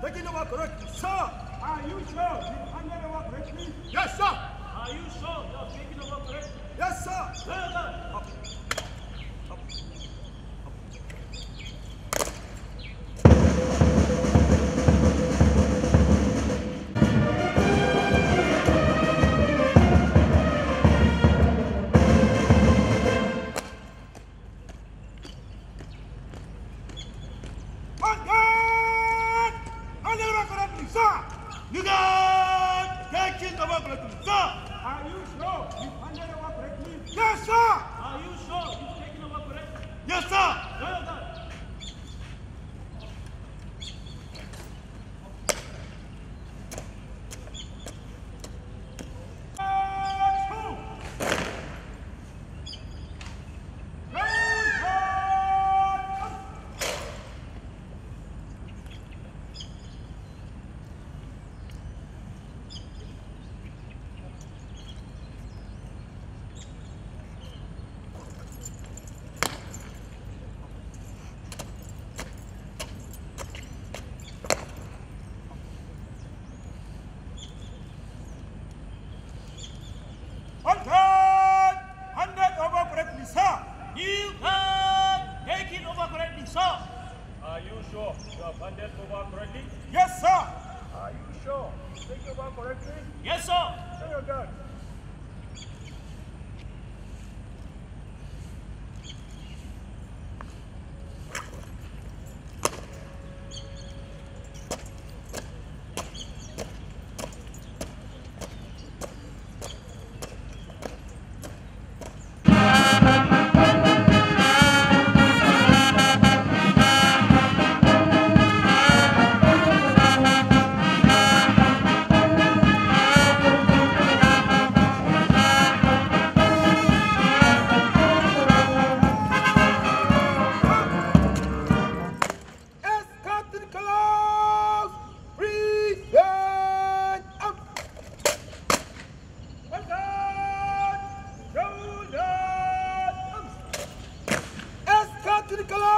Taking over correctly. Sir! Are you sure you handed over correctly? Yes, sir! Are you sure? Yes, sir! Sir, さあ入館できるオーバークレッティングさあ Are you sure you have handled over correctly? Yes, sir. Are you sure you take over correctly? Yes, sir. Say again. இருக்கலாம்